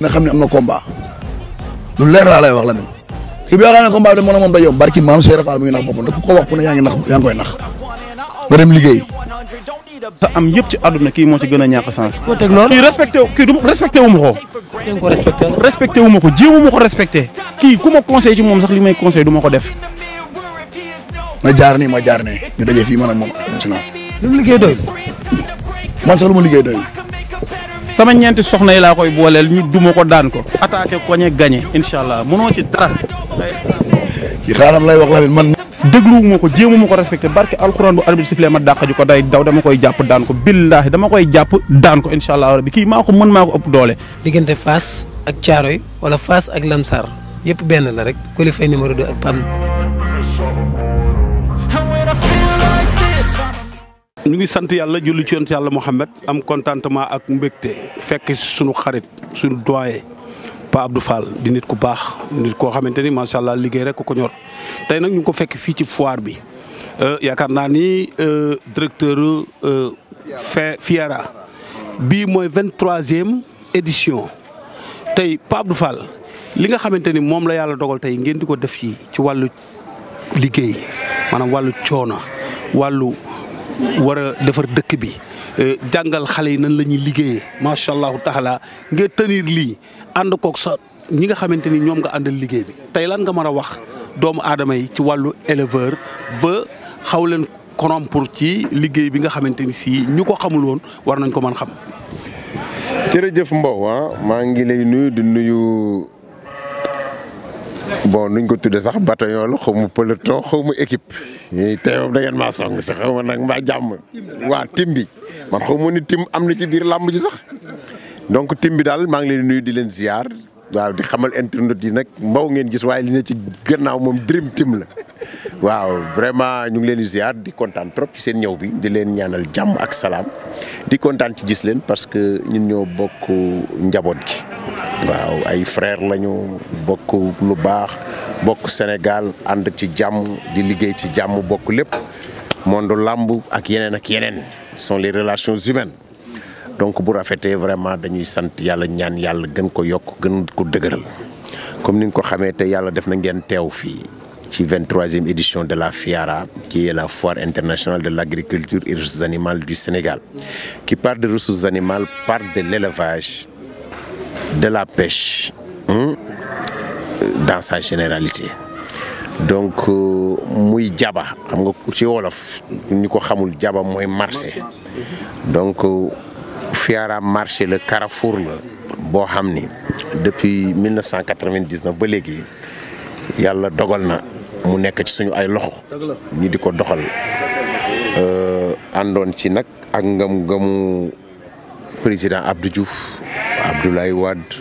nga xam ne am na combat lu leer laa lay wax la même kii bi yaakaar naa ne combat bi moom moom day yomb barki maam Cheikh Rafaal ngi nax boppam te ko wax ku ne yaa ngi nax yaa ngi nax nga dem liggéey. am yëpp ci àdduna kii moo ci gën a ñàkk sens. foo teg loolu kii respecté kii du respecté wu ma ko. dégg ko respecté wu. respecté wu ma ko jéemu ma ko respecté kii ku ma conseil ci moom sax li may conseil du ma ko def. ma jaar nii ma jaar ne ñu daje fii man ak moom ci naaw. li mu liggéey doyul. man sax lu ma liggéey doy sama ñeenti soxna yi laa koy booleel ñu duma ko daan ko attaqué ko ñe gagné allah mënoo ci dara. lay wax la man. dégluwuma ko jéemuma ko respecté barke alxuraan bu arbitre sifflé ma dàq ji ko day daw dama koy jàpp daan ko billaahi dama koy jàpp daan ko incha allah rabbi kii maa ko mën maa ko ëpp doole. diggante Fass ak yi wala faas ak Lamsar yëpp benn la rek Coly Faye numéro 2 ak PAM. ñu ngi sant yàlla julli ci yonent yàlla Mouhamed am contentement ak mbégte fekk suñu xarit suñu doyen Pa Abdou Fall di nit ku baax nit koo xamante ni macha allah liggéey rek ko ñor tey nag ñu ngi ko fekk fii ci foire bi euh, yaakaar naa ni euh, directeur euh, Fiera bii mooy vingt troisième édition tey Pa Abdou Fall li nga xamante ni moom la yàlla dogal tey ngeen di ko def ci ci wàllu liggéey maanaam wàllu coono wàllu. war defar dëkk bi euh, jàngal xale yi nan lañuy ñuy liggéeyee macha allahu taala nga tenir lii ànd kook sa ñi nga xamante ni ñoom nga àndal liggéey bi tey lan nga mën a wax doomu aadama yi ci wàllu éleveur ba xaw leen pour ci liggéey bi nga xamante ni si ñu ko xamul woon war nañ ko mën xam. jërëjëf Mbow ah, maa ngi lay nuyu di nuyu bon nuñ ko tuddee sax bataillon la xaw ma peloton xaw mu équipe te moom da ngeen maa song sax ma nag mbaa jàmm waa tim bi man xaw ma ni tim am na ci biir làmb ji sax donc tim bi daal maa ngi leen nuyu di leen ziar. waaw di xamal internet yi nag mbaw ngeen gis waaye li ne ci gannaaw moom dream team la waaw vraiment ñu ngi leen di ziar di kontaan trop ci seen ñëw bi di leen ñaanal jàmm ak salaam di kontaan ci gis leen parce que ñun ñoo bokk njaboot ji waaw ay frère lañu bokk lu baax bokk Sénégal ànd ci jàmm di liggéey ci jàmm bokk lépp monde làmb ak yeneen ak yeneen sont les relations humaines. donc bu rafetee vraiment dañuy sant yàlla ñaan yàlla gën ko yokk gën ko dëgëral comme ni nga ko xamee te yàlla def na ngeen teew fii ci vingt-troisième édition de la FIARA qui est la foire internationale de l'agriculture et ressources animales du Sénégal qui parle de ressources animales parle de l'élevage de la pêche hein, dans sa généralité donc euh, muy jaba xam nga ci wolof ñu ko xamul jaba mooy marché donc euh, Fiara marché la Carrefour la boo xam ni depuis 1999 ba léegi yàlla dogal na mu nekk ci suñu ay loxo ñi di ko doxal euh, àndoon ci nag ak ngam ngëmu président Abdou Diouf Abdoulaye Wade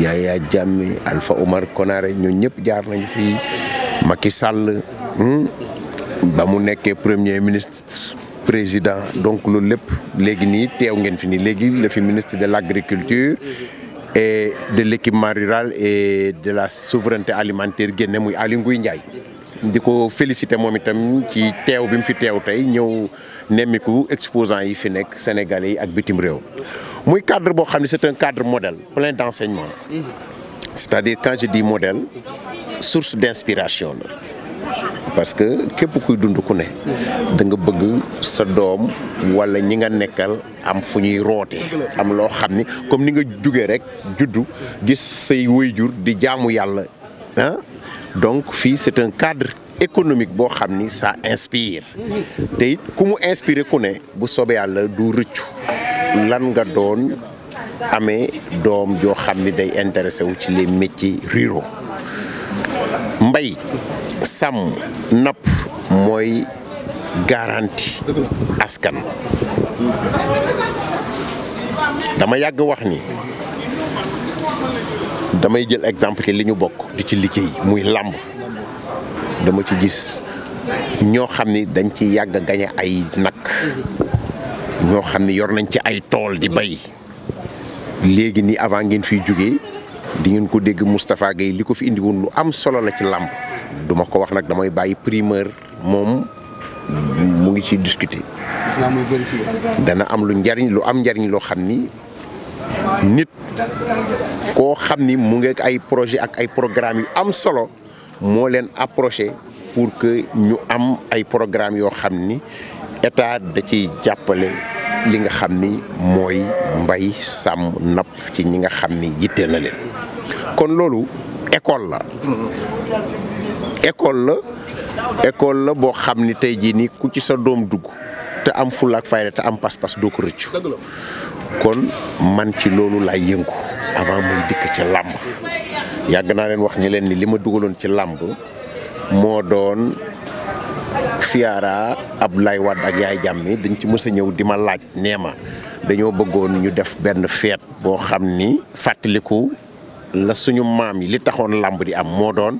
Yaya Jammeh Alpha Omar Konaré ñoo ñëpp jaar nañu fii maki sàll hmm? ba mu nekkee premier ministre président donc loolu lépp léegi nii teew ngeen fi nii léegi le fi ministre de l' agriculture et de léquipement rural et de la souveraineté alimentaire génne muy Aly Ngouille Ndiaye di ko félicité moom itam ci teew bi mu fi teew tey ñëw nemmiku exposant yi fi nekk sénégal yi ak bitim réew muy cadre boo xam ne c' un cadre modèle plein d' enseignement mm-hmm. c' à dire quand je dis modèle source d' inspiration la parce que képp kuy dund ku ne da nga bëgg sa doom wala ñi nga nekkal am fu ñuy roote am loo xam ni comme ni nga jugee rek juddu gis say waajur di jaamu yàlla ah. donc fii c'est un cadre économique boo xam ni saa inspire tey ku mu inspiré ku ne bu soobee yàlla du rëccu lan nga doon amee doom joo xam ni day intéressé wu ci les métiers ruraux mbay sàmm napp mooy garanti askan dama yàgg wax ni damay jël exemple ci li ñu bokk di ci liggéey muy làmb dama ci gis ñoo xam ni dañ ci yàgg a gañe ay nag ñoo xam ni yor nañ ci ay tool di bay léegi nii avant ngeen fiy jóge di ko dégg Moustapha Gueye li ko fi indi lu am solo la ci làmb duma ko wax nag damay bàyyi primeur moom mu ngi ci discuter. dana am lu njariñ lu am njariñ loo xam ni nit koo xam ni mu ngi ay projet ak ay programme yu am solo moo leen approché pour que ñu am ay programme yoo xam ni état da ciy jàppale li nga xam ni mooy mbay sàmm napp ci ñi nga xam ni yitte na leen kon loolu école la. école la ecole la boo xam ni tey jii ni ku ci sa doom dugg te am fulla ak fayda te am pas-pas doo ko rëccu kon man ci loolu laay yëngu avant muy dikk ci làmb yàgg naa leen wax ni leen ni li ma dugaloon ci làmb moo doon ab lay Wade ak yaay jàmmi dañ ci mës a ñëw di ma laaj nee ma dañoo bëggoon ñu def benn feet boo xam ni fàttaliku la suñu maam yi li taxoon làmb di am moo doon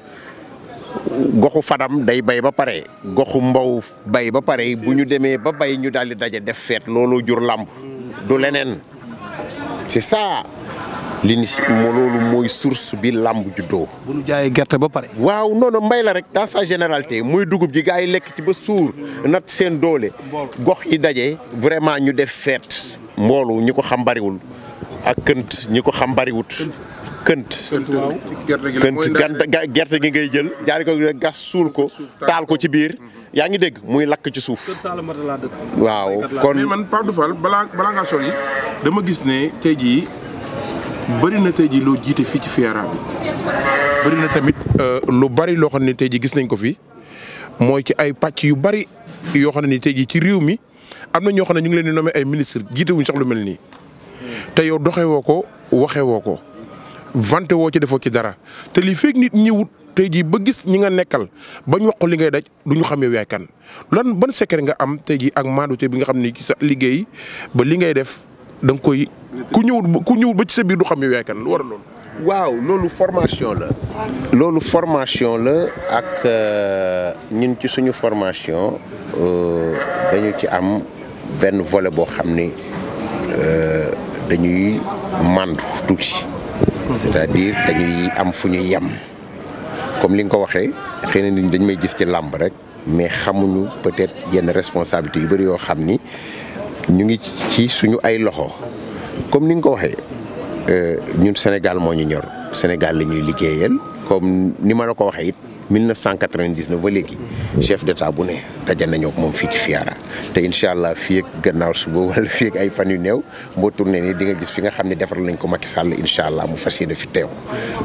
goxu Fadam day bay ba pare goxu Mbow bay ba pare bu ñu demee ba bay ñu daal di daje def feet looloo jur làmb du leneen c'est ça li ni mo loolu mooy source bi làmb juddoo. bu ñu jaayee gerte ba pare. waaw noonu mbay la rek dans sa généralité muy dugub ji gaa yi lekk ci ba suur nat seen doole gox yi daje vraiment ñu def feet mboolu ñi ko xam bariwul ak kënt ñi ko xam bariwut kënt kënt gerte gi ngay jël jaari ko gas suul ko taal ko ci biir yaa ngi dégg muy lakk ci suuf waaw kon mais man Pape Fall balaa balaa ngaa sori dama gis ne tey jii bëri na tey jii loo jiite fii ci Fiara bi bëri na tamit euh, lu bari loo xam ne tey jii gis nañ ko fi mooy ci ay pàcc yu bari yoo xam ne ni tey jii ci réew mi am na ñoo xam ne ñu ngi leen di ay ministre jiite wuñ lu mel nii te yow doxewoo ko waxewoo ko vante woo ci defoo ci dara te li fekk nit ñi wut tey jii ba gis ñi nga nekkal ba ñu wax li ngay daj du ñu xam yow yaay lan ban secret nga am tey jii ak maandute bi nga xam ni ci sa liggéey ba li ngay def da ku ñëwul ku ñëwul ba ci sa biir du xam yow yaay kan lu war a loolu. waaw loolu formation la. loolu formation la ak euh, ñun ci suñu formation euh, dañu ci am benn volet boo xam ni euh, dañuy màndu tuuti. c'est-à-dire dañuy am fu ñu yem comme li nga ko waxee xëy na nit dañ may gis ci làmb rek mais xamuñu peut-être yenn responsabilité yu bëri yoo xam ni ñu ngi ci suñu ay loxo comme ni nga ko waxee euh, ñun Sénégal moo ñu ñor Sénégal la ñuy liggéeyal comme ni ma la ko waxee it. 1999 ba léegi chef d'état bu ne daje nañoo ak moom fii ci Fiara te incha allah fii ak gannaaw suba wala fii ak ay fan yu néew boo tourné nii di nga gis fi nga xam ne defar nañ ko Macky Sall incha allah mu fas yéene fi teew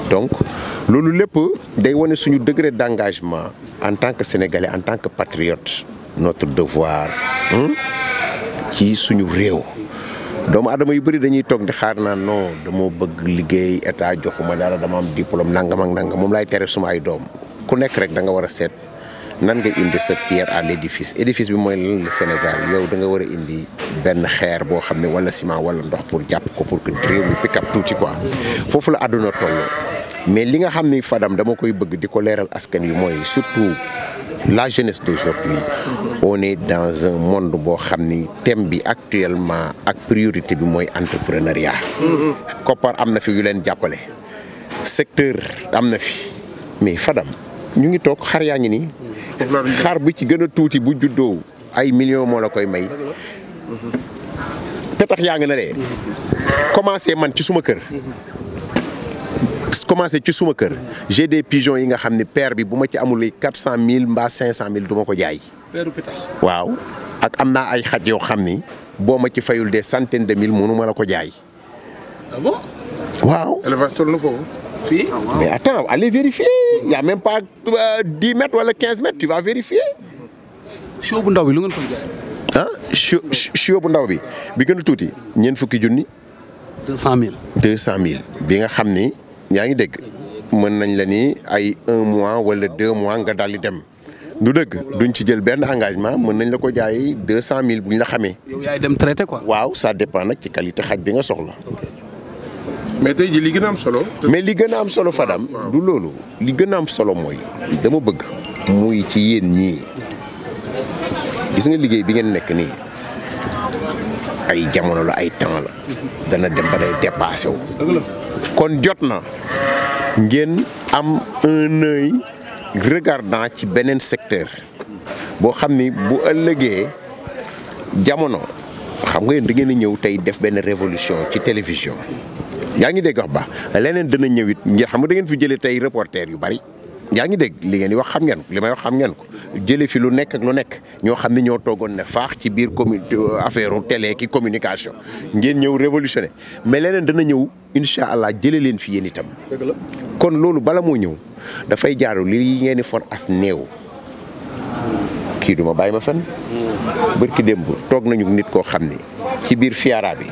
donc loolu lépp day wane suñu degré d'engagement en tant que sénégalais en tant que patriote notre devoir hmm, ci suñu réew doomu adama yu bëri dañuy toog di xaar naa non dama bëgg liggéey état joxuma dara dama am diplôme nangam ak nangam moom laay tere suma ay doom ku nekk rek da nga war a seet nan nga indi sa pierre à l'édifice édifice bi mooy lan la Sénégal yow danga war a indi benn xeer boo xam ne wala ciment wala ndox pour jàpp ko pour que réew mi pick up tuuti quoi foofu la adduna toll mais li nga xam ni Fadam dama koy bëgg di ko leeral askan yu mooy surtout la jeunesse d'aujourd'hui on est dans un monde boo xam ni thème bi actuellement ak priorité bi mooy entrepreneuriat. Mm-hmm. koppar am na fi yu leen jàppale secteur am na fi mais Fadam. ñu ngi toog xar yaa ngi nii. xar bu ci gën a tuuti bu juddoo ay million moo la koy may. petax yaa ngi na lee. commencé man ci suma kër. commencé ci suma kër. j'ai des pigeons yi nga xam ne per bi bu ma ci amul quatre cent mille mbaa cinq cent mille du ma ko jaay. waaw ak am naa ay xaj yoo xam ni boo ma ci fayul des centaines de mille mënu ma la ko jaay. ah bon. waaw Si. Oh, wow. Mais attends, allez vérifier. Il n'y a même pas euh, 10 mètres ou 15 mètres, tu vas vérifier. Chiot bu ndaw bi lu ngeen koy jaayee. ah bu ndaw bi bi gën a tuuti ñeent fukki junni. 200000. 200000 bi nga xam ni yaa ngi dégg mën nañ la ni ay un mois wala deux mois nga daal di dem. du dëgg duñ ci jël benn engagement mën nañ la ko jaay deux cent mille bu ñu la xamee. yow dem traité quoi. waaw sa dépend nag ci qualité xaaj bi nga soxla. mais tey jii li gën a am solo. mais li gën am solo Fadam. du loolu li gën a am solo mooy. dama bëgg. muy ci yéen ñii gis nga liggéey bi ngeen nekk nii ay jamono la ay temps la. dana dem ba day dépassé wu. kon jot na ngeen am un œil regardant ci beneen secteur boo xam ni bu ëllëgee jamono xam nga yéen da ngeen a ñëw tey def benn révolution ci télévision. yaa ngi dégg wax baax leneen dana ñëw it ngir xam fi jëlee tey reporter yu bari yaa ngi dégg li ngeen di wax xam ngeen ko li may xam ngeen ko jëlee fi lu nekk lu nekk ñoo xam ne ñoo toogoon ne faax ci biir commun affaire tele ki communication ngeen ñëw révolutionné mais leneen dana ñëw incha allah jëlee leen fi yéen itam. kon loolu bala moo ñëw dafay jaaru li ngeen di for as néew. kii duma bàyyi ma fen bërki démb toog nañu nit koo xam ni ci biir fiara bi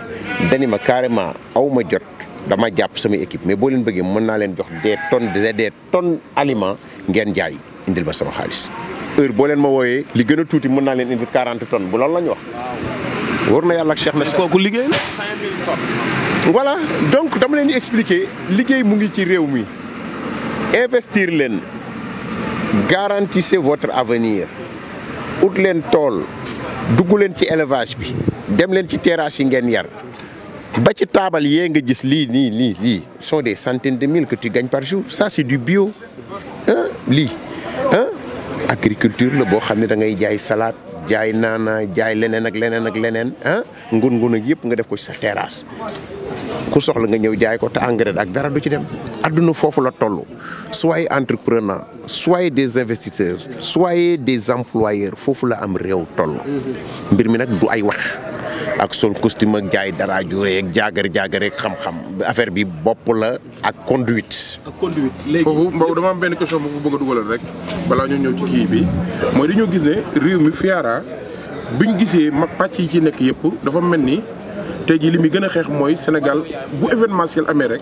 dani ma carrément aw jot. dama jàpp sama équipe mais boo leen bëggee mën naa leen jox des tonnes des tonnes aliment ngeen jaay indil ma sama xaalis heure boo leen ma wooyee li gën a tuuti mën naa leen indil 40 tonnes bu loolu la wax. wóor na yàlla ak Cheikh na kooku liggéey la 5000 donc dama leen di expliquer liggéey mu ngi ci réew mi investir leen garantissez votre avenir ut leen tool dugg leen ci élevage bi dem leen ci terrasse yi ngeen yar. ba ci taabal yee nga gis lii nii lii lii soo des centaines de mille que tu gagnes par jour ça c'est du bio lii agriculture la boo xam ne da ngay jaay salade jaay naana jaay leneen ak leneen ak leneen ah ngun ngun ak yëpp nga def ko ci sa terrasse ku soxla nga ñëw jaay ko te engrais ak dara du ci dem adduna foofu la toll soyez entrepreneur soyez des investisseurs soyez des employeurs foofu la am réew toll mbir mi nag du ay wax ak sol costume ak jaay dara ju rëy ak jaagar jaagar ak xam-xam affaire bi bopp la ak conduite. ak conduite léegi foofu Mbow dama am benn question bu bëgg a dugalal rek balaa ñoo ñëw ci kii bi mooy dañoo gis ne réew mi Fiara biñ gisee mag pàcc yi ci nekk yëpp dafa mel ni te jii li muy gën a xeex mooy Sénégal bu événementiel amee rek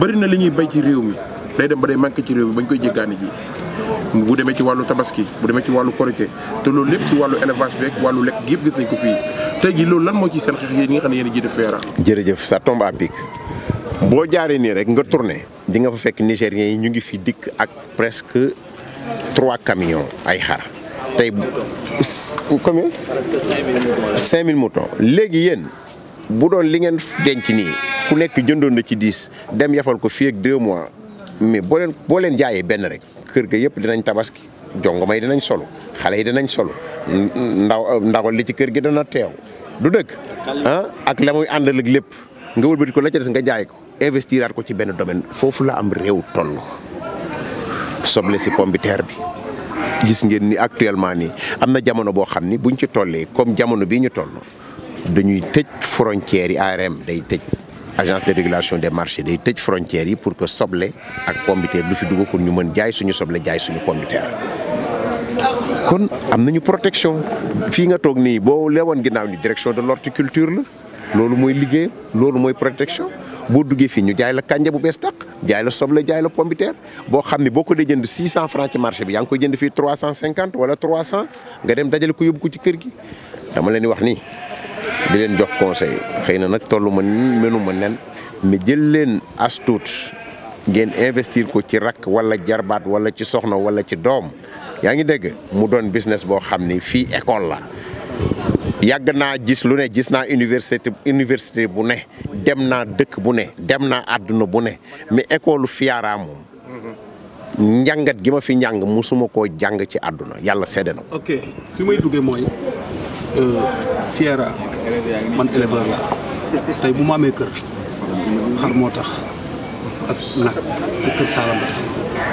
bëri na li ñuy bay ci réew mi day dem ba day manqué ci réew mi bañ koy jéggaani ji. bu demee ci wàllu tabaski bu demee ci wàllu korité te loolu lépp ci wàllu élevage beeg wàllu lekk gi yëpp gis nañ ji loolu lan moo ci seen xeex yi nga xam ne yéen a jiite e jërëjëf ça tombe à boo jaaree nii rek nga tourné di nga fa fekk nigériens yi ñu ngi fi dikk ak presque trois camions ay xar tey combien cinq mille moutons léegi yéen bu doon li ngeen denc nii ku nekk jëndoon la ci dix dem yafal ko fii ak deux mois mais boo leen boo leen jaayee benn rek kër gi yëpp dinañ tabaski jongoma yi dinañ solo xale yi dinañ solo ndaw ndawal li ci kër gi dana teew du dëkk ah, ak la muy àndal ak lépp nga wëlbati ko la ca des nga jaay ko investiraat ko ci benn domaine foofu la am réew toll soble si pomme bi gis ngeen ni actuellement nii am na jamono boo xam ni buñ ci tollee comme jamono bii ñu toll dañuy tëj frontières yi ARM day tëj agence de régulation des marchés day tëj frontières yi pour que soble ak pomme du fi dugg pour ñu mën jaay suñu soble jaay suñu pomme de kon am nañu protection fii nga toog nii boo leewoon ginnaaw ni direction de culture la loolu mooy liggéey loolu mooy protection boo duggee fii ñu jaay la kànja bu bees tàq jaay la soble jaay la pomme boo xam ne boo ko dee jënd 600 francs ci marché bi yaa ngi koy jënd fii 350 wala 300 nga dem dajale ko yóbbu ko ci kër gi dama leen wax nii. di leen jox conseil xëy na nag tollu ma mënu ma nen mais jël leen as ngeen investir ko ci rakk wala jarbaat wala ci soxna wala ci doom yaa ngi dégg mu doon business boo xam ni fii école la yàgg naa gis lu ne gis naa université université bu ne dem naa dëkk bu ne dem naa àdduna bu ne mais école Fiara moom njàngat gi ma fi njàng musuma koo jàng ci àdduna yàlla sedde na ko. fi may duggee mooy euh, Fiara. man éleveur la tey bu mu amee kër xar moo tax ak nag te kër saalam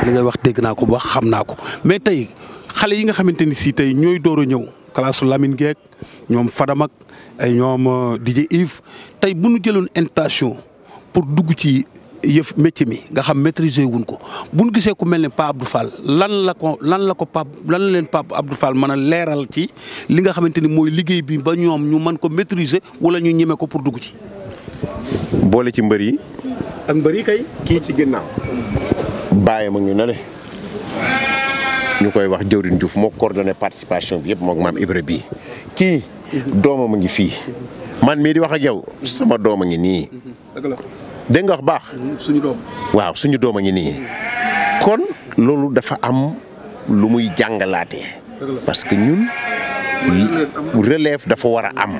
li ngay wax dégg naa ko bu wax xam naa ko mais tey xale yi nga xamante ni si tey ñooy door a ñëw kalaasu Lamine geek ñoom Fadam ak ay ñoom euh, DJ Yves tey bu nu jëloon intention pour dugg ci yëf métier mi nga xam maîtriser wuñ ko bu ñu gisee ku mel ne Pape Abdou Fall lan la ko lan la ko Pape lan leen Pape Abdou Fall mën a leeral ci li nga xamante ni mooy liggéey bi ba ñoom ñu mën ko maîtriser wala ñu ñeme ko pour dugg ci. boole ci mbër yi. ak mbër yi kay. kii ci ginnaaw. bàyyi ma ngi ne ñu koy wax Diawrine Diouf moo coordonné participation bi yëpp moog maam Ibra bii kii doomam a ngi fii man mii di wax ak yow sama doom a ngi nii. dégg nga baax. suñu waaw suñu doom a ngi nii. kon loolu dafa am lu muy jàngalaate. parce que ñun relève dafa war a am.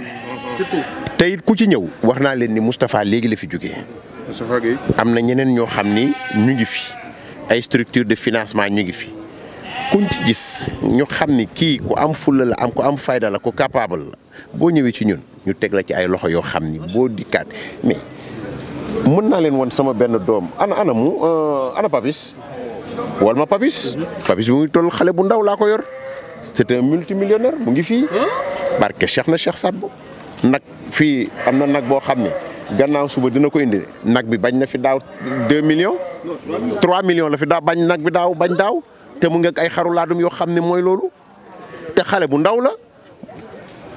te ku ci ñëw wax naa leen ni Moustapha léegi la fi jógee. Moustapha am na ñeneen ñoo xam ni ñu ngi fi ay structure de financement ñu ngi fi. kuñ ci gis ñu xam ni kii ku am fulla la am ku am fayda la ku capable la boo ñëwee ci ñun ñu teg la ci ay loxo yoo xam ni boo dikkaat mais. mën naa leen won sama benn doom ana ana mu euh, ana papis wal ma papis papis mu ngi xale bu ndaw laa ko yor c'est un multimillionnaire mu ngi fii barke Cheikh na Cheikh Sadbou nag fii am na nag boo xam ne gannaaw suba dina ko indi nag bi bañ na fi daaw deux million trois million la fi daaw bañ nag bi daaw bañ daaw te mu ngi ak ay xarulaadum yoo xam ne mooy loolu te xale bu ndaw la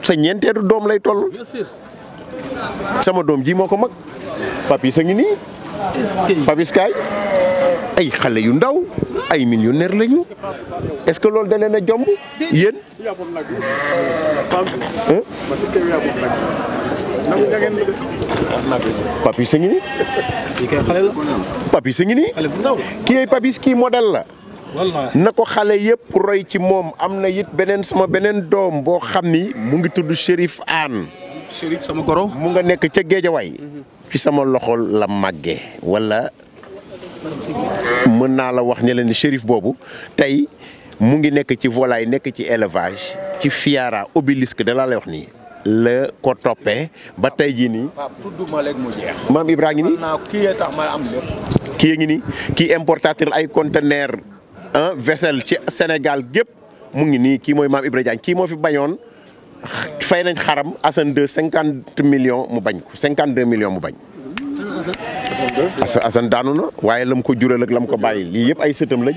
sa ñeenteetu doom lay toll sama doom ji moo ko mag papis a ngi nii. papis ay xale yu ndaw ay millionnaire lañu est-ce que loolu da a jomb yéen. papis a ngi nii. papis a ngi nii. kii ay papis la. na ko xale yëpp roy ci moom am na it beneen sama beneen doom boo xam ni mu ngi tudd Chérif Anne. Chérif sama goro mu nga nekk ca Géejawaay. Mhm. ci sama loxo la màggee wala mën naa la wax ne leen shérif boobu tey mu ngi nekk ci volaille nekk ci élevage ci fiara obélisque da la lay wax nii. la ko toppee ba tey jii nii. waaw maam Ibra ngi nii kii yee ngi nii kii importateur ay conteneur ah vaisselle ci Sénégal gépp mu ngi nii kii mooy maam Ibra Diagne kii moo fi bañoon. fay nañ xaram Assane 2 cinquante millions mu bañ ko cinquante deux mu bañ. Assane Assane daanu na waaye lam ko jural ak lam ko bàyyi lii yëpp ay sëtam lañ.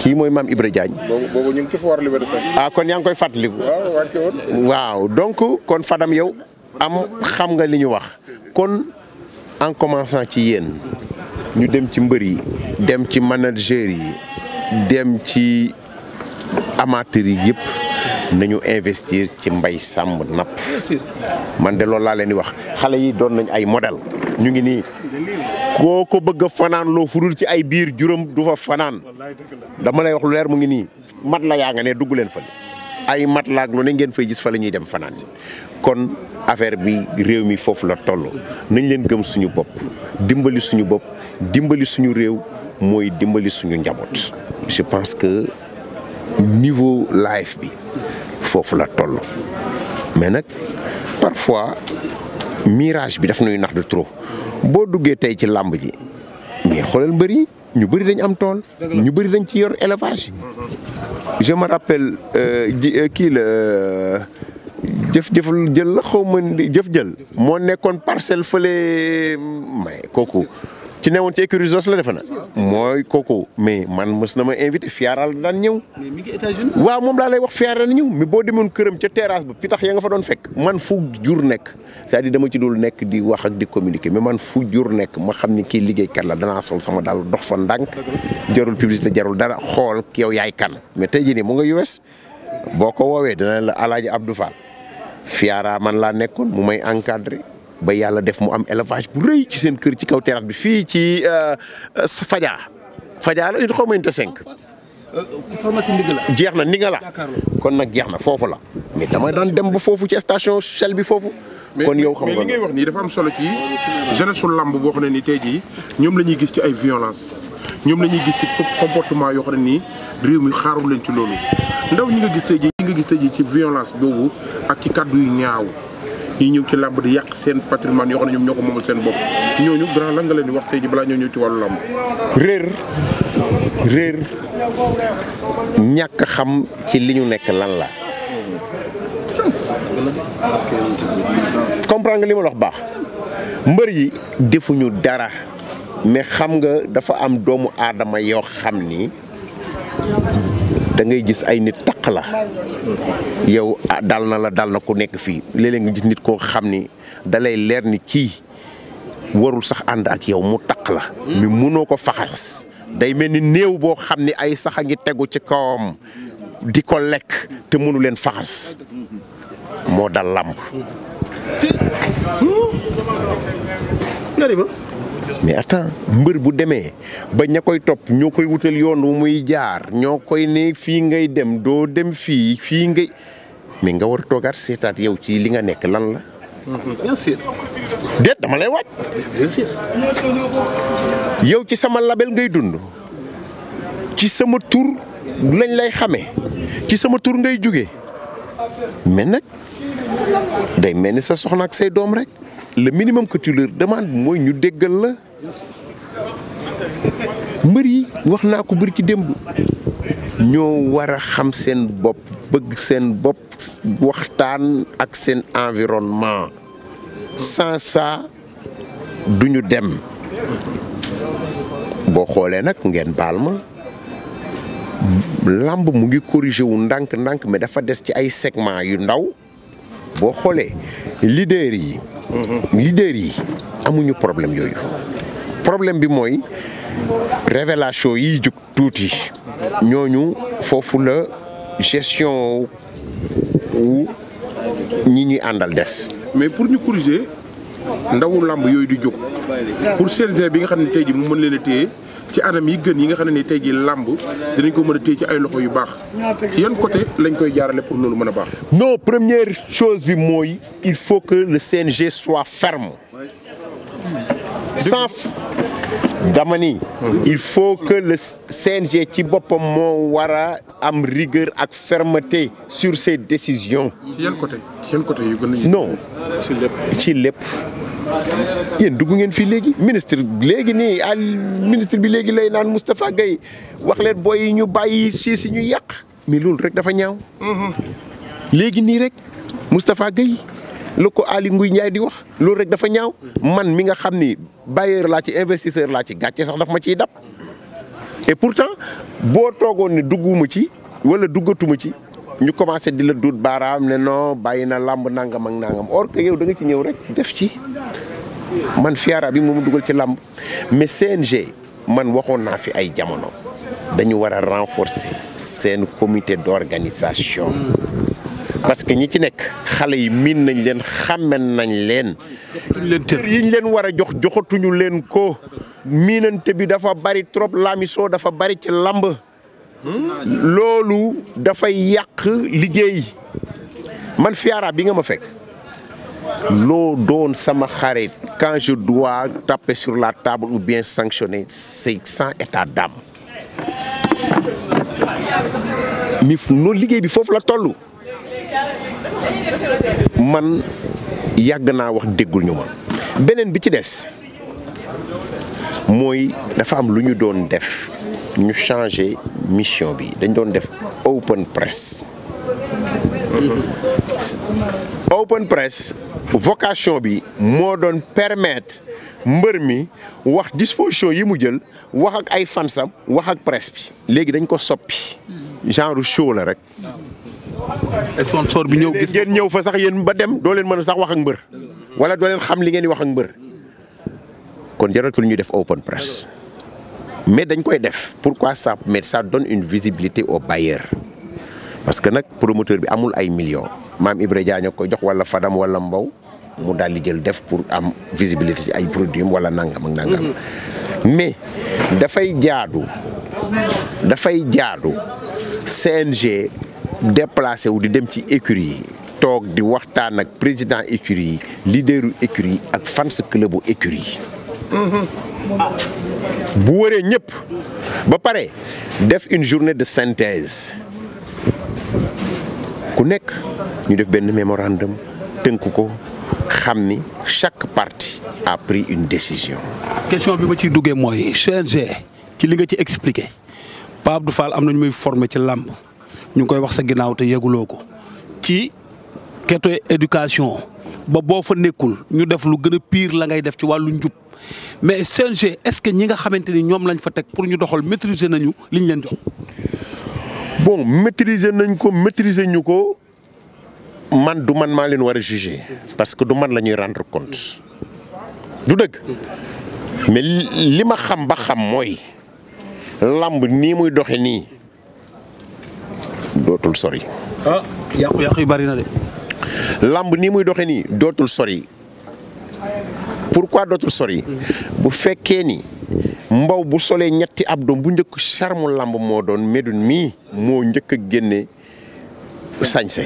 kii mooy maam Ibra Diagne. boobu boobu ñu ngi ci foire Liberté ah, kon yaa ngi koy fàttaliku. waaw donc kon Fadam yow am xam nga li ñu wax kon en commençant ci yéen ñu dem ci mbër yi dem ci manager yi dem ci amateur yi yëpp. nañu investir ci mbay sàmm nap man de loolu laa leen di wax xale yi doon nañ ay modèle ñu ngi nii koo ko bëgg fanaan loo furul ci ay biir juróom du fa fanaan dama lay wax lu leer mu ngi nii mat la yaa nga ne dugg leen fa ay mat laag lu ne ngeen fay gis fa la ñuy dem fanaan kon affaire bi réew mi foofu la toll nañ leen gëm suñu bopp dimbali suñu bopp dimbali suñu réew mooy dimbali suñu njaboot je pense que niveau life bi foofu la toll mais nag parfois mirage bi daf nuy nax de trop boo duggee tey ci làmb ji mais xoolal mbër yi ñu bëri dañ am tool. ñu bëri dañ ci yor élevage. je me rappelle euh, ji euh, kii la euh, jëf-jëfal jël la xaw ma jëf jël. moo nekkoon parcelle fële may kooku. ci newoon ci écurie Zoss la defe na mooy kooku mais man mës na ma invité fiyaaral daan ñëw. mais waaw moom laa lay wax fiyaaral ñëw mi boo demoon këram ca terrasse ba pitax ya nga fa doon fekk. man fu jur nekk cest à dama ci dul nekk di wax ak di communiquer mais man fu jur nekk ma xam ni kii liggéeykat la danaa sol sama daal dox fa ndànk. jarul publicité jarul dara xool ki yow yaay kan. mais tey jii nii mu nga US boo ko woowee dana la El Hadj Abdou Fall man laa nekkoon mu may encadré. ba yàlla def mu am élevage bu rëy ci seen kër ci kaw terrasse bi fii ci euh, Fadia Fadia la it xaw ma inte cinq pharmacie Ndigala jeex na Ndigala kon nag jeex na foofu la mais dama daan dem ba foofu ci station Shell bi foofu. kon yow xam nga mais li ngay wax nii dafa am solo ci jeunesse lamb boo xam ne nii tey jii ñoom la ñuy gis ci ay violence ñoom la ñuy gis ci comportement yoo xam ne nii réew mi xaarul leen ci loolu ndaw ñi nga gis tey jii ñi nga gis tey jii ci violence boobu ak ci kàddu yu ñaaw. ñi ñëw ci làmb di yàq seen patrimoine yoo xam ne ñoom ñoo ko moomal seen bopp ñooñu grand la nga leen di wax tey ji balaa ñoo ñëw ci wàllu làmb réer ñàkk xam ci li ñu nekk lan la comprendre nga li ma wax baax mbër yi defuñu dara mais xam nga dafa am doomu aadama yoo xam ni da gis ay nit taq la yow ah, dal na la dal na ku nekk fii léeg nga gis nit koo xam ni dalay leer ni ci warul sax ànd ak yow mu taq la mi munoo ko faxas day mel ni néew boo xam ni ay sax a ngi tegu ci kawam di ko lekk te mënuleen faxas moo dal làmp mais attends mbër bu demee ba ña koy topp ñoo koy wutal yoon wu muy jaar ñoo koy ne fii ngay dem doo dem fii fii ngay mais nga war a toogaat seetaat yow ci li nga nekk lan la. bien dama lay waaj. bien yow ci sama label ngay dund ci sama tur lañ lay xame ci sama tur ngay jóge mais nag day mel ni sa soxna ak say doom rek. le minimum que tu demand demandes mooy ñu déggal la mbër yi wax naa ko bër ci démb ñoo war a xam seen bopp bëgg seen bopp waxtaan ak seen environnement sans ça duñu dem boo xoolee nag ngeen baal ma làmb mu ngi corrigé wu ndànk-ndànk mi dafa des ci ay segment yu ndaw boo xoolee leader yi leader yi amuñu problème yooyu problème bi mooy révélation yi jug tuuti ñooñu foofu la gestion wu ñi ñuy àndal des. mais pour ñu corriger. ndawu làmb yooyu di jóg pour CNG bi nga xam ne tey ji mu mën leen a ci anam yi gën yi nga xam ne ni tey ji làmb dinañ ko mën a téye ci ay loxo yu baax ci yan côté lañ koy jaarale pour loolu mën a baax non première chose bi mooy il faut que seen CNG soit ferme sans dama ni il faut que le CNG ci boppam moo war a am rigueur ak fermeté sur ses décisions. ci côté ci côté yu gën a. non ci lépp ci lépp. dugg ngeen fii léegi ministre léegi nii al ah, ministre bi léegi lay naan Moustapha Guèye wax leen booy ñu bàyyi si si ñu yàq mais loolu rek dafa ñaaw. Mm-hmm. léegi nii rek Moustapha Guèye. lu ko Aly Ngouille Ndiaye di wax loolu rek dafa ñaaw man mi nga xam ni bailleur laa ci investisseur laa ci gàcce sax dafa ma ciy dab et pourtant boo toogoon ne dugguma ci wala duggatuma ci ñu commencé di la duut baaraam ne non bàyyi na làmb nangam ak nangam or que yow da nga ci ñëw rek def ci man fiara bi moom dugal ci làmb mais g man waxoon naa fi ay jamono dañu war a renforcer seen comité d'organisation parce que ñi ci nekk xale yi miin nañ leen xàmmen nañ leen. joxatuñ yiñ leen war a jox joxatuñu leen ko. miinante bi dafa bari trop lamiso dafa bari ci lamb. loolu dafay yàq liggéey man fiara bi nga ma fekk. loo doon sama xarit quand je dois taper sur la table ou bien sanctionner c'est sans état d'âme noonu liggéey bi foofu la toll. man yàgg naa wax dégguñu ma beneen bi ci des mooy dafa am lu ñu doon def ñu changé mission bi dañ doon def open press open press vocation bi moo doon permettre mbër mi wax disposition yi mu jël wax ak ay fansam wax ak presse bi léegi dañ ko soppi genre show la rek sponsor bi ñëw gis ngeen ñëw fa sax yéen ba dem doo leen mën a sax wax ak mbër wala doo leen xam li ngeen di wax ak mbër kon jaratul ñu def open press mais dañ koy def pourquoi ça mais ça donne une visibilité au bailleur parce que nag promoteur bi amul ay millions maam Ibra Diagne koy jox wala Fadam wala mbaw mu daal di jël def pour am visibilité ay produit wala nangam ak nangam mais dafay jaadu dafay jaadu CNG. déplacé wu di dem ci écurie yi toog di waxtaan ak président écurie yi leaderu écurie yi ak fans clubu écurie yi bu wëree ñëpp ba pare def une journée de synthèse ku nekk ñu def benn mémorandum tënk ko xam ni chaque partie a pris une décision. question bi ciy duggee mooy CNG ci li nga ci expliqué Pape Abdou Fall am na ñu muy formé ci làmb. ñu ngi koy wax sa ginnaaw te yeguloo ko ci kete éducation ba boo fa nekkul ñu def lu gën a pire la ngay def ci wàllu njub mais CNG est-ce que ñi nga xamante ni ñoom lañ fa teg pour ñu doxal maîtriser nañu liñ leen jox. bon maîtriser nañ ko maîtriser ñu ko man du man maa leen war a juger parce que du man la ñuy rendre compte du dëgg mais li ma xam ba xam mooy lamb nii muy doxe nii. dootul sor ah yàqu-yàqu yi bari na de. làmb nii muy doxe nii dootul sor pour pourquoi dootul sori bu fekkee ni mbaw bu solee ñetti ab doom bu njëkk charme làmb moo doon Médoune mii moo njëkk a génne sañse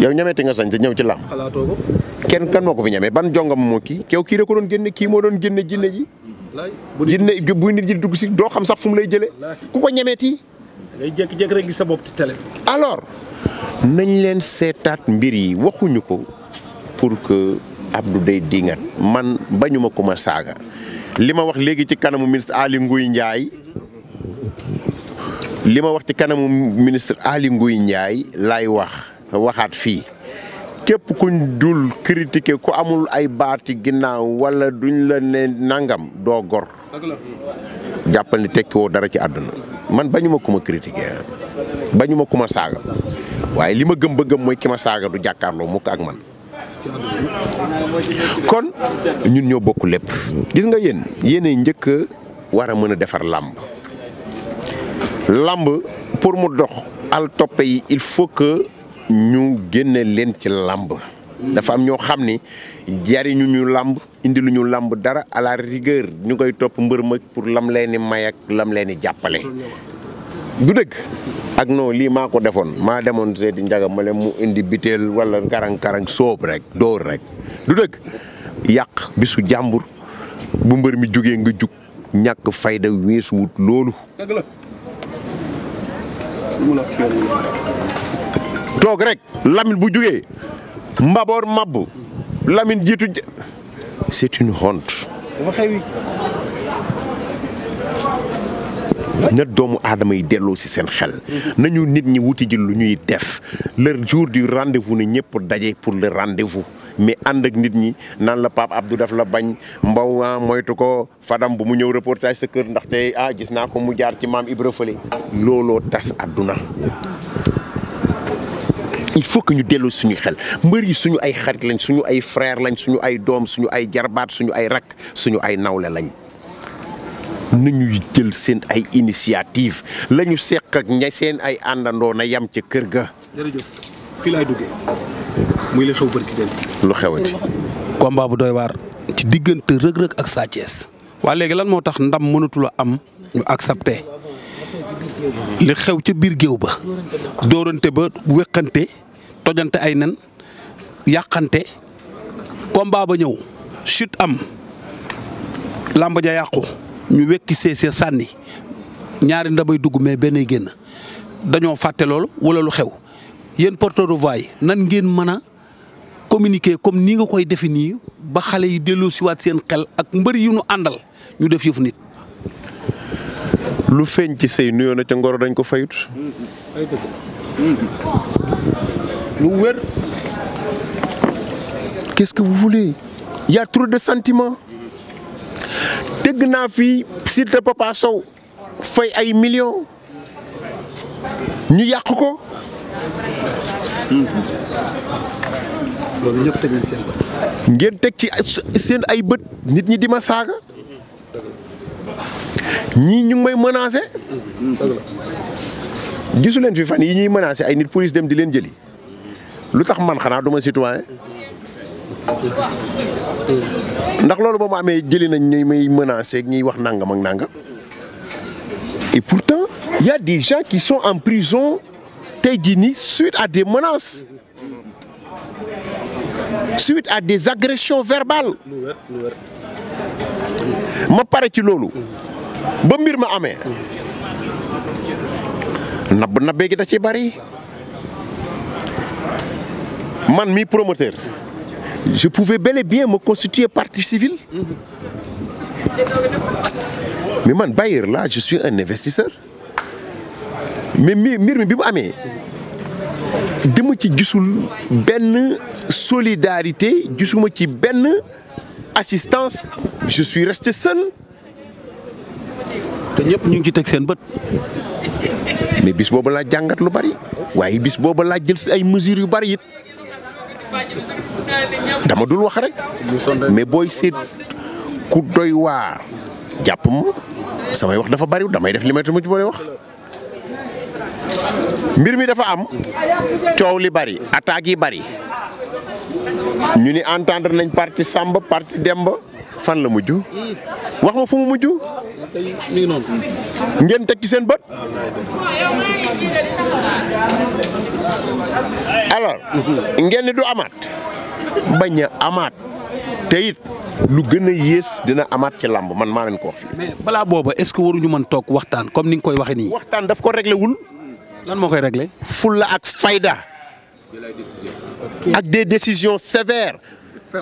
yow ñameeti nga sañse ñëw ci làmb kenn kan moo ko fi ñamee ban jongam moo kii kew kii da ko doon génne kii moo doon génne jinne ji jinne bu nit ji dugg si doo xam sax fu lay jëlee ku ko ñameeti ngay rek gis sa bopp ci télé alors nañ leen seetaat mbir yi waxuñu ko pour que Abdou day dingat man bañuma ma ko ma saaga li ma wax léegi ci kanamu ministre Ali Nguy Ndiaye li ma wax ci kanamu ministre Ali Nguy Ndiaye laay wax waxaat fii. képp kuñ dul critiquer ku amul ay baar ci ginnaaw wala duñ la ne nangam doo gor jàppal ni tekki dara ci àdduna man bañu ma ku ma critiquer ma ku saaga waaye li ma gëm gëm mooy ki ma saaga du jàkkaarloo mukk ak man kon ñun ñoo bokk lépp gis nga yéen yéene njëkk war a mën a defar làmb làmb pour mu dox al yi il faut que ñu génne leen ci làmb dafa am ñoo xam ni jariñuñu ñu làmb indi làmb dara à la rigueur ñu koy topp mbër ma pour lam leen di may ak lam leen di jàppale du dëgg ak non lii maa ko defoon maa demoon seeti njaga ma leen mu indi biteel wala karang-karang soob rek dóor rek du dëgg yàq bisu jàmbur bu mbër mi jógee nga jóg ñàkk fayda weesuwut loolu toog rek Lamine bu jugee mbaboor mabbu Lamine jiitu c'est une honte. na doomu aadama yi delloo si seen xel. nañu nit ñi wuti ji lu ñuy def le jour du rendez-vous ne ñëpp daje pour le rendez-vous mais ànd ak nit ñi nan la Pape Abdou daf la bañ mbaw ah moytu ko Fadam bu mu ñëw reportage sa kër ndaxte ah gis naa ko mu jaar ci maam Ibra Fële. looloo tas àdduna. il faut que ñu delloo suñu xel mbër yi suñu ay xarit lañ suñu ay frère lañ suñu ay doom suñu ay jarbaat suñu ay rakk suñu ay nawle lañ nu nañu jël seen ay initiative la ñu seq ak ña seen ay àndandoo na yam ca kër ga. jërëjëf muy xew barki dem lu xewati bu doy waar ci diggante Reug Reug ak Sa Thiès waa léegi lan moo tax ndam mënatul am ñu accepté li xew ca biir géew ba dóorante ba wéqante. tojante ay nen yàqante combat ba ñëw chute am làmb ja yàqu ñu wekki séesee sànni ñaari ndabay dugg mais benn génn dañoo fàtte loolu wala lu xew yéen porteur de voix nan ngeen mën a communiquer comme ni nga koy defi nii ba xale yi delloo siwaat seen xel ak mbër yu ñu àndal ñu def yëfu nit. lu feeñ ci sëy nuyoo ca ngoro dañ ko fayut. Mm-hmm. Mm-hmm. lu wér qu'est-ce que vous voulez il y a trop de sentiments dégg naa fi Siteu Papa Sow fay ay millions ñu yàq ko. loolu ñëpp teg ngeen teg ci seen ay bët nit ñi dima saaga. ñii ñu ngi may menacer. gisuleen fi fan yi ñuy menacer ay nit police dem di leen jëli. lu tax man xanaa du ma citoyen ndax loolu ba mu amee jëli nañ ñuy may menacer ak ñuy wax nangam ak nangam et pourtant y a des gens qui sont en prison tey jii nii suite à des menaces suite à des agressions verbales ma pare ci loolu ba mbir ma amee nab nabee gi da ci bari man mi promoteur je pouvais bel bien ma constituer partie civile mi man bailleur là je suis un investisseur mais mi mbir mi bi mu amee dama ci gisul benn solidarité gisuma ci benn assistance je suis resté seul. te ñëpp ñu ngi ci teg seen bët. mais bis boobu laa jàngat lu bari waaye bis booba laa jël si ay mesures yu bari it. dama dul wax rek. mais booy seet ku doy waar jàpp ma samay wax dafa bariwul damay def li may ma ci wax. mbir mi dafa am coow li bari attaques yi bari ñu ni entendre nañ parti sàmb parti demb fan la mujj wax ma fu mu mujj ngeen teg ci seen bët. alors ngeen du amaat bañ amaat te it lu gën a yées dina amaat ci làmb man maa leen ko wax fii. balaa booba est-ce que waruñu mën toog waxtaan comme ni nga koy waxee nii. waxtaan daf ko réglé wul. lan moo koy réglé. fulla ak fayda. ak des décisions sévères.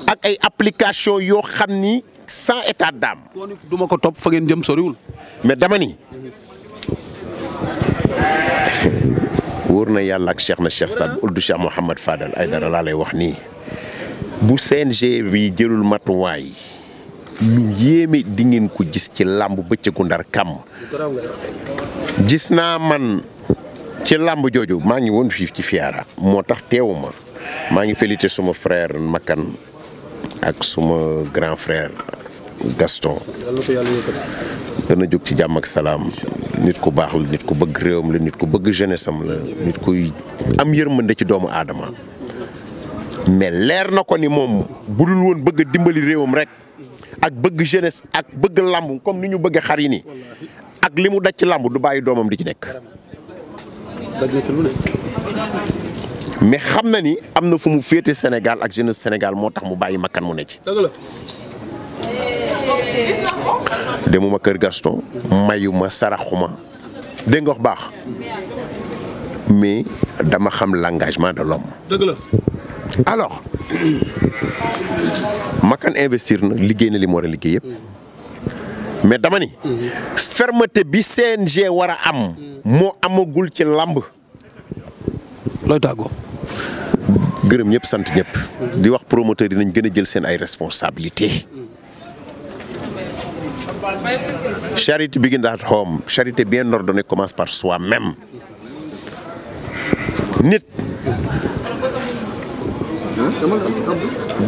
ak ay application yoo xam ni sans état daam du ma ko topp fa ngeen jëm soriwul. mais dama ni. wóor na yàlla ak Cheikh na Cheikh Saad bu uldu Cheikh Mouhamad Fadal Aydara laa lay wax nii bu CNG bi jëlul matuwaay lu yéeme di ko gis ci làmb bëccëgu ndar kam gis naa man ci làmb jooju maa ngi woon fii ci Fiara moo tax teewuma maa ngi félicité suma frère Makan ak suma grand frère Gaston. gën a jóg ci jàmm ak salaam nit ku baax la nit ku bëgg réewam la nit ku bëgg jeunesse am la nit kuy am yërmande ci doomu aadama mais leer na ko ni moom bu dul woon bëgg dimbali réewam rek ak bëgg jeunesse ak bëgg làmb comme ni ñu bëggee xar yi nii ak li mu daj ci làmb du bàyyi doomam di ci nekk. mais xam na ni am na fu mu féete Sénégal ak jeunesse Sénégal moo tax mu bàyyi makkan mu ne ci. demuma kër Gaston mayuma saraxuma dégg baax mais dama xam l'engagement de l'homme dëgg alors Makan investir na liggéey na li mu war a liggéey yëpp mais dama ni fermeté bi CNG war a am moo amagul ci làmb looy tàggoo gërëm ñëpp sant ñëpp di wax promoteur yi nañ gën a jël seen ay responsabilité Charity begins at home. Charité bien ordonnée commence par soi-même. nit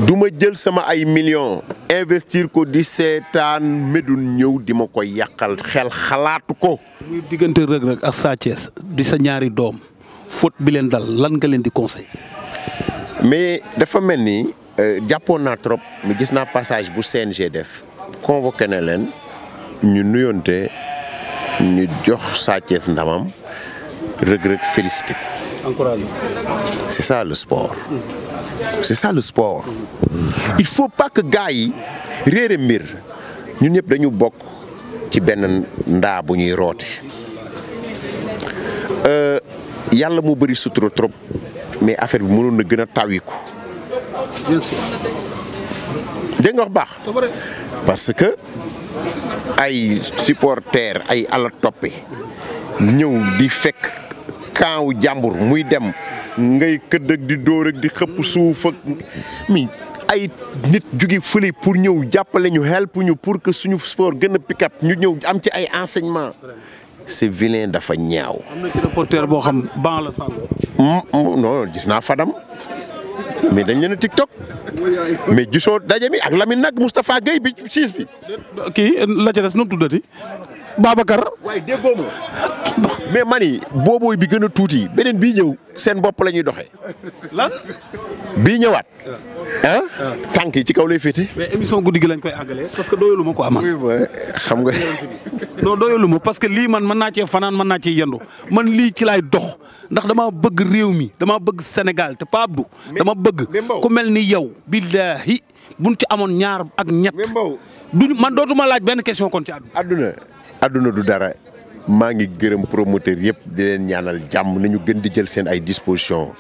duma jël sama ay millions investir ko di seetaan Médoune ñëw di ma koy yàqal xel xalaatu ko. muy diggante rek Reug ak Sa di sa ñaari doom faute bi leen dal lan nga leen di conseil mais dafa mel ni euh, jàppoon naa trop mu gis naa passage bu CNG def convoqué na leen. ñu nuyonte ñu jox Sa Thiès ndamam Reug Reug félicité ko. encouragé c' est ça le sport. il faut pas que gars yi réere mbir ñun ñëpp dañu bokk ci benn ndaa bu ñuy roote. Euh, yàlla mu bëri sutura trop mais affaire bi mënoon na gën a tawiku. bien baax. parce que ay supporters ay ala toppe ñëw di fekk kaawu jàmbur muy dem ngay këdd di dóor ak di xëpp suufa ak mi ay nit jóge fële pour ñëw jàppale ñu help ñu pour que suñu sport gën a pick up ñu ñëw am ci ay enseignement c'est vilain dafa ñaaw. am na boo xam ban la sàngoo. Mm, mm, non Fadam. mais dañ leen a TikTok mais gisoo daje mi ak Lamine nag Moustapha Gueye bi siis bi. kii la ca des nu mu tuddati Babacar. waaye déggoo mais mani boobooy bi gën a tuuti beneen bi ñëw seen bopp la ñuy doxee. lan. bii ñëwaat. ah tànk yi ci kaw lay féete. mais émission guddi lañ koy àggalee parce que doyalu ma ko amal. xam nga. non doyalu ma parce que lii man mën naa cee fanaan mën naa cee yendu man lii ci laay dox ndax dama bëgg réew mi dama bëgg Sénégal te Pa Abdou. dama bëgg ku mel ni yow. billaahi buñ ci amoon ñaar ak ñett. duñu man dootuma laaj benn question kon ci àdduna. àdduna àdduna du dara. maa ngi gërëm promoteur yëpp di leen ñaanal jàmm nañu gën di jël seen ay disposition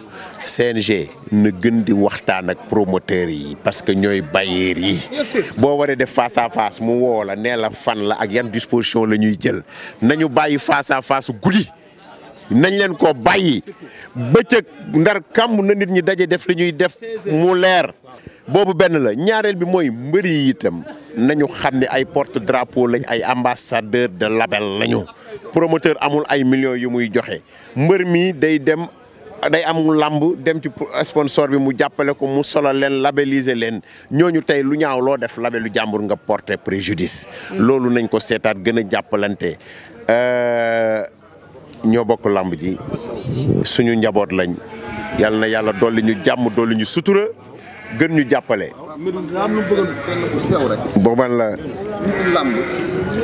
CNG na gën di waxtaan ak promoteur yi parce que ñooy bailleur yi boo waree def face à mu woo la nee la fan la ak yan disposition la ñuy jël nañu bàyyi face à face guddi nañ leen ko bàyyi bëccëg ndar kàmm na nit ñi daje def li ñuy def mu leer boobu benn la ñaareel bi mooy mbër yi itam nañu xam ne ay porte drapeau lañ ay ambassadeur de label lañu promoteur amul ay millions yu muy joxe mbër mi day dem day amul làmb dem ci sponsor bi mu jàppale ko mu solo leen labelliser leen ñooñu tey lu ñaaw loo def labelu jàmbur nga porter préjudice. Hmm. loolu nañ ko seetaat gën a jàppalante euh, ñoo bokk làmb ji suñu njaboot lañ yàlla na yàlla dolli ñu jàmm dolli ñu sutura gën ñu jàppale. mbir la.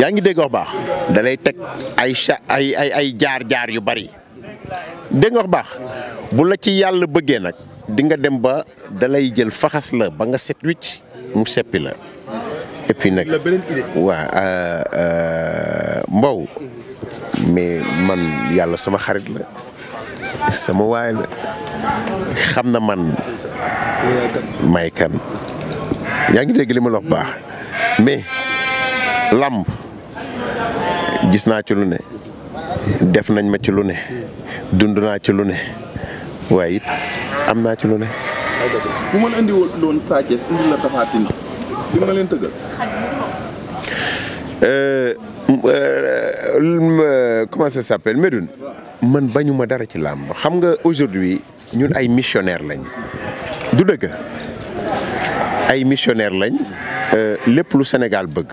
yaa ngi dégg wax baax dalay teg ay ay ay jaar jaar yu bari dégg wax baax bu la ci yàlla bëggee nag dinga dem ba dalay jël faxas la ba nga set wicc mu seppi la et nag waa euh, euh, Mbow mais man yàlla sama xarit la sama waay la xam na man may kan yaa ngi dégg li ma baax mais làmb gis naa ci lu ne def nañ ma ci lu ne dund naa ci lu ne waaye it am naa ci lu ne. bu ma la indi woon Sa indi la Tapha Tine ma euh, euh, euh, man bañuma dara ci làmb xam nga aujourd'hui ñun ay missionnaire lañ du dëgg ay missionnaire lañ lépp lu Sénégal bëgg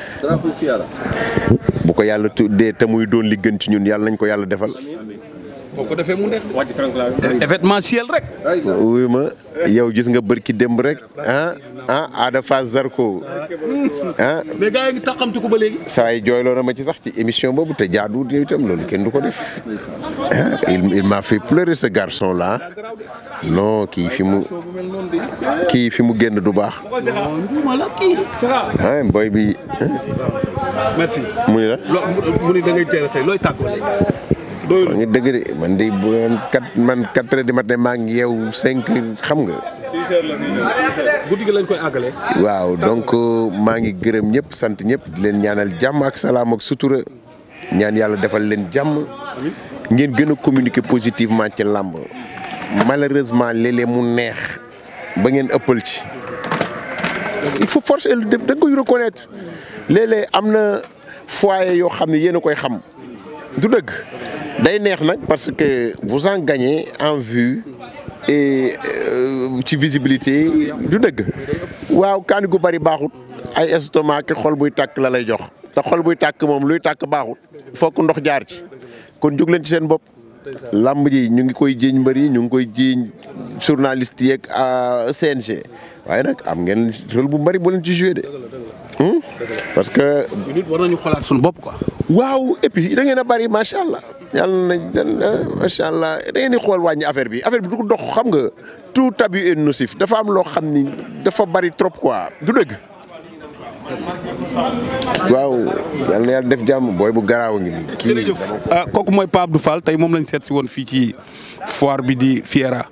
bu ko yàlla tuddee te muy doon li gën ci ñun yàlla nañ ko yàlla defal boo ko defee mu neex rek. yow gis nga bërki démb rek ah ah Ada Fass Zarko ah. ko ba léegi. saa yi jooyloo ma ci sax ci émission boobu te jaaduwul yow itam loolu kenn du ko def ah, il il m'a fait pleurer ce garçon là non kii fi mu kii génn du baax. ah bi. Ah. mu ni da ngay teel a tey looy tàggoo doyul maa de man de bu quatre man quatre heures du matin maa ngi yeew cinq xam nga. six lañ koy àggale. waaw donc euh, maa ngi gërëm ñëpp sant ñëpp leen ñaanal jàmm ak salaam ak sutura ñaan yàlla defal leen jàmm. ngeen gën a communiquer positivement ci làmb malheureusement léeg-léeg mu neex ba ngeen ëppal ci. il faut force da nga koy reconnaître léeg am na foyer yoo xam ne yéen a koy xam. du dëgg day neex nag parce que vous en gagnez en vue et euh, ci visibilité du dëgg waaw kaani gu bari baaxut ay estomac ki xol buy tàkk la lay jox te xol buy tàkk moom luy tàkk baaxut fokk ndox jaar ci kon jóg leen ci seen bopp làmb ji ñu ngi koy jiiñ mbari yi ñu ngi koy jiiñ journaliste yeeg euh, CNG waaye nag am ngeen rôle bu bari bu leen ci joué de hmm? parce que nit war nañu xalaat suñu bopp ko waaw et puis da a bari macha allah yàlla nañ macha allah da di xool wàññi affaire bi affaire bi du ko dox xam nga tout tabu et nocif dafa am loo xam ni dafa bari trop quoi du dëgg. waaw yàlla na yàlla booy bu garaaw ngi nii kii ah, kooku mooy Pape Abdou Fall tey moom lañ seet si woon fii ci foire bi di Fiera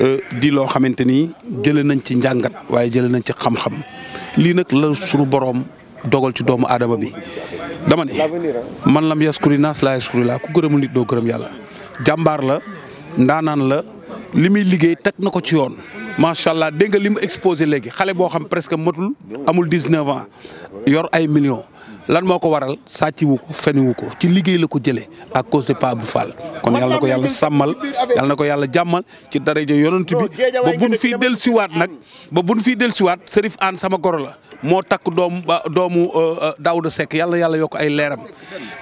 euh, di loo xamante ni jëlee nañ ci njàngat waaye jëlee nañ ci xam-xam lii nag la sunu boroom dogal ci doomu aadama bi dama ne man lam yaskuri naas la yaskuri laa ku gërëmul nit doo gërëm yàlla jàmbaar la ndaanaan la li muy liggéey teg na ko ci yoon macha allah dégg nga li mu exposé léegi xale boo xam presque motul amul 19 ans yor ay millions lan moo ko waral sàcc wu ko fen wu ko ci liggéey la ko jëlee à cause de Pape Abdou Fall kon yàlla na ko yàlla sàmmal yàlla na ko yàlla jàmmal ci daraja yonent bi ba buñ fiy dellusiwaat nag ba buñ fiy dellusiwaat Serif Anne sama goro la. moo takk doom doomu euh, euh, Daouda Seck yàlla yàlla yokk ay leeram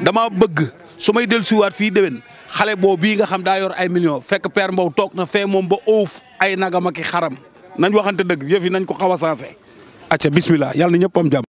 dama bëgg su may siwaat fii déwén xale boobu bii nga xam daa yor ay millions fekk père Mbow toog na fee moom ba oof ay nagam ak i xaram nañ waxante dëgg yëf yi nañ ko xaw a sensé. acca bismillah yàlla na ñëpp am